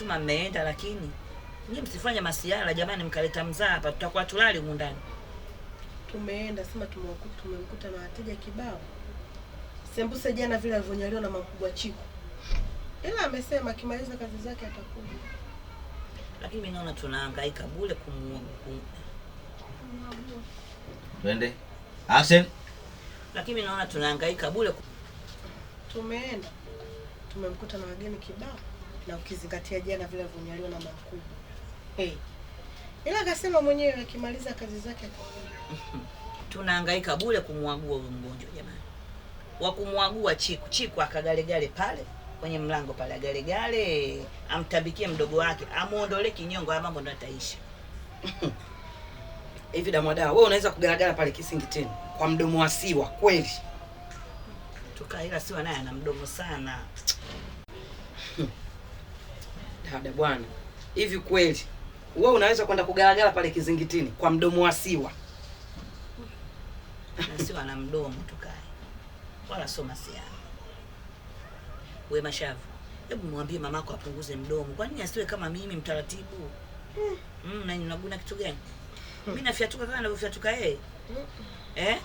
mtuma mmeenda, lakini nyinyi msifanye masiara jamani, mkaleta mzaa hapa, tutakuwa tulali huko ndani. Tumeenda sema tumemkuta na wateja kibao. Sembuse jana vile alivyonyaliwa na makubwa Chiku, ila amesema akimaliza kazi zake atakuja, lakini mimi naona tunahangaika bure kumuua. Twende Asen. Lakini mimi naona tunahangaika bure. Tumeenda tumemkuta na wageni kibao na ukizingatia jana vile alivyonyaliwa na makubwa hey. Eh. Ila akasema mwenyewe akimaliza kazi zake tunahangaika bure kumwagua huyu mgonjwa jamani, wa kumwagua Chiku. Chiku akagalegale pale kwenye mlango pale, agalegale amtabikie mdogo wake, amuondolee kinyongo, haya mambo ndo ataisha hivi. Damwadao, wewe unaweza kugalagala pale kisingi tena kwa mdomo wa Siwa kweli? Tukaila Siwa naye ana mdomo sana. Ada bwana, hivi kweli wewe unaweza kwenda kugalagala pale kizingitini kwa mdomo wa siwa? Siwa na mdomo tukae, wala sio masiana. Wewe Mashavu, hebu mwambie mamako apunguze mdomo. Kwa nini asiwe kama mimi mtaratibu? mm. Mm, na ninaguna kitu gani? mm. Mimi nafiatuka kama anavyofyatuka yeye. mm. Eh,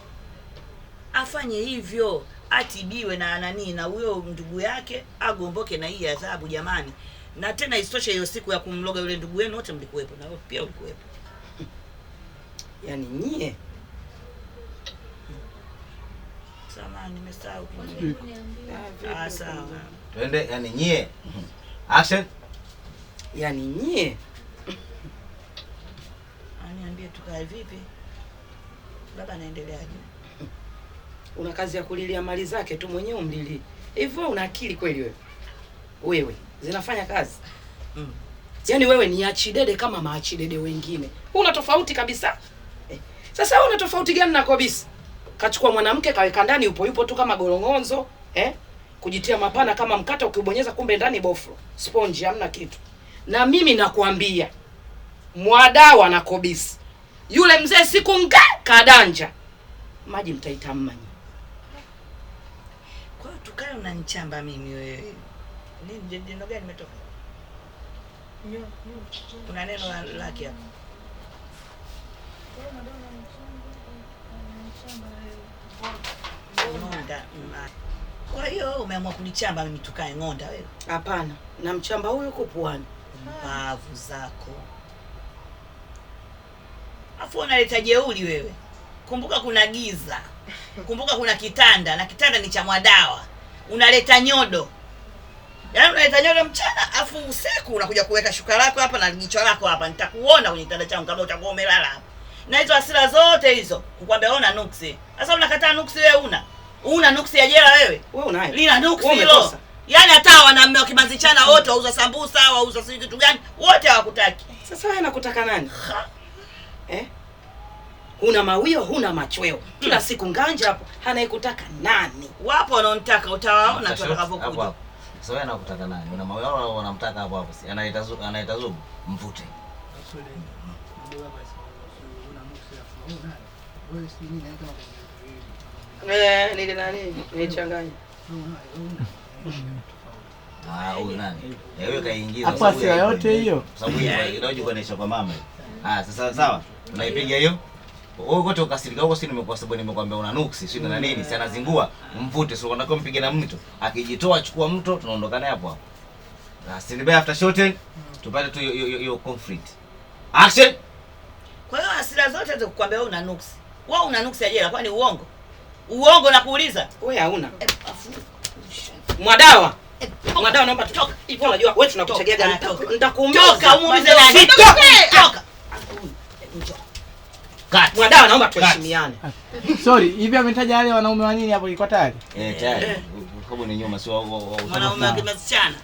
afanye hivyo, atibiwe na nani na huyo ndugu yake, agomboke na hii adhabu jamani na tena isitoshe, hiyo siku ya kumloga yule ndugu wenu wote mlikuwepo, na pia ulikuwepo. Yaani nyie samani, nye ah, ah, Twende, yaani nyie action, yaani nyie aniambie ah, tukae vipi? Baba anaendeleaje? Una kazi ya kulilia mali zake tu mwenyewe umlili hivyo, una akili kweli wewe? wewe zinafanya kazi mm. Yaani wewe ni achidede kama maachidede wengine, una tofauti kabisa eh. Sasa una tofauti gani na Kobisi? Kachukua mwanamke kaweka ndani, upo yupo tu kama golongonzo eh? Kujitia mapana kama mkata, ukibonyeza kumbe ndani boflo sponge, hamna kitu. Na mimi nakwambia mwadawa na Kobisi yule mzee siku nga kadanja maji mtaitamani. Kwa hiyo tukae unanichamba mimi wewe nini neno gani imetoka? Kuna neno lake hapo Kwa hiyo umeamua kunichamba mimi tukae ng'onda wewe? Hapana, na mchamba huyu uko puani. Mbavu zako afu unaleta jeuli wewe. Kumbuka kuna giza, kumbuka kuna kitanda na kitanda ni cha Mwadawa, unaleta nyodo Yaani unaita nyoyo mchana afu usiku unakuja kuweka shuka lako hapa na jicho lako hapa, nitakuona kwenye kitanda changu kama utakuwa umelala hapa. Na hizo hasira zote hizo kukwambia ona nuksi. Sasa unakataa nuksi wewe una. Una nuksi ya jela wewe? Wewe unayo. Lina nuksi hilo. Yaani hata wanaume wakimanzichana wote wauza sambusa, wauza sijui kitu gani, wote hawakutaki. Sasa wewe nakutaka nani? Ha. Eh? Huna mawio, huna machweo. Kila hmm, siku nganja hapo, anayekutaka nani? Wapo wanaonitaka utawaona tutakavyokuja. Sasa wewe anakutaka nani? Una mawe wao unamtaka hapo hapo. Si anaita zugu, anaita zugu, mvute. Mm. Eh, nani? Ah, huyu nani? Eh, wewe kaingiza. yote hiyo. Sababu kwa mama. Ah, sasa sawa. Unaipiga hiyo. Wewe kote ukasirika huko, si nimekuwa sababu nimekwambia una nuksi, si na nini? Si anazingua, mvute sio unataka mpige na mtu. Akijitoa chukua mtu, tunaondoka naye hapo hapo. Na si nibaya after shorten, mm. tupate tu hiyo conflict. Action. Kwa hiyo hasira zote zikukwambia wewe una nuksi. Wewe una nuksi ajira kwani uongo? Uongo na kuuliza. Wewe hauna. Eh, Mwadawa. Eh, Mwadawa naomba tutoka. Ipo unajua wewe tunakuchegea gani? Nitakuumiza. Toka umuumize nani? Toka kati. Mwadau naomba tuheshimiane. Sorry, hivi ametaja wale wanaume wa nini hapo ilikuwa tayari? Eh, tayari. Kabo eh. ni nyuma sio wao. Wanaume wa kimasichana.